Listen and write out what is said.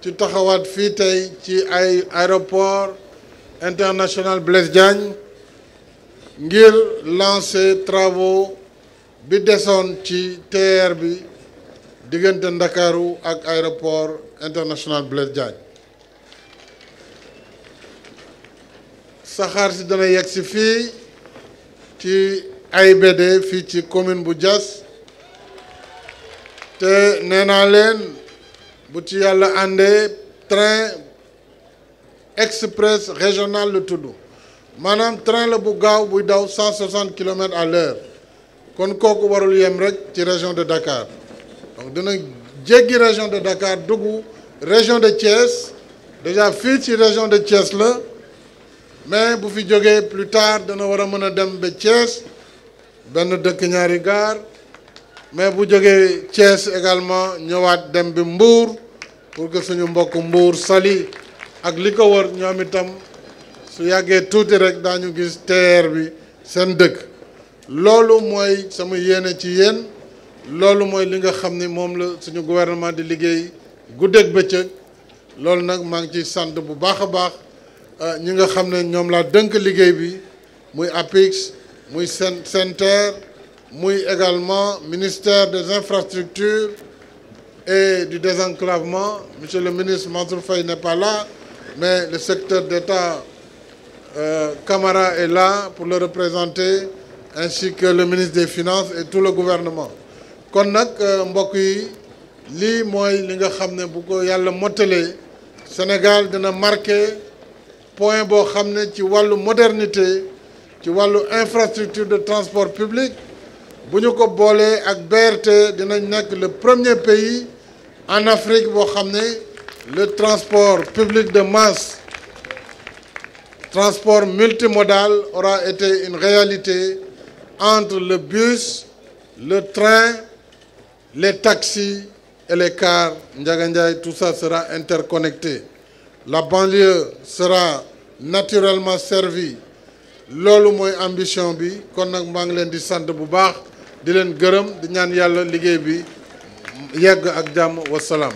ci taxawaat fii tey ci ay aéroport international Blaise Diagne ngir lancer travaux bi desoon ci TER bi diggante Ndakaaru ak aéroport international Blaise Diagne saxaar si dana yegg si fii ci ay AIBD fii ci commune bu Diass te nee leen bu ci yàlla àndee train express régional la tudd maanaam train la bu gaaw buy daw cent soixante kilomètres à l'heure kon kooku warul yem rek ci région de Dakar donc jéggi région de Dakar dugg région de Thiès déjà fii ci région de Thiès la mais bu fi jógee plus tard dana war a mën a dem ba Thiès benn dëkk ñaari gaar mais bu jógee Thiès également ñëwaat dem bi Mbour pour que suñu mbokk Mbour sali ak li ko wër ñoom itam su yàggee tuuti rek daañu gis TER bi seen dëkk loolu mooy sama yéene ci yéen loolu mooy li nga xam ni moom la suñu gouvernement di liggéey guddeeg bëccëg loolu nag maa ngi ciy sant bu baax a baax euh, ñi nga xam ne ñoom laa dënk liggéey bi muy APIX muy seen SENTER muy également ministère des infrastructures et du désenclavement monsieur le ministre Mansour Faye n'est pas là mais le secteur d'État euh, Camara est là pour le représenter ainsi que le ministre des finances et tout le gouvernement kon nag euh, mbokk yi lii mooy li nga xam ne bu ko yàlla mottalee Sénégal dina marqué point boo xam ne ci wàllu modernité ci wàllu infrastructure de transport public bu ñu ko boolee ak BRT dinañ nekk le premier pays en Afrique boo xam ne le transport public de masse transport multimodal aura été une réalité entre le bus le train les taxis et les cars Ndiaga Ndiaye tout ça sera interconnecté la banlieue sera naturellement servie loolu mooy ambition bi kon nag maa ngi leen di sant bu baax di leen gërëm di ñaan yàlla liggéey bi yegg ak jàmm wasalaam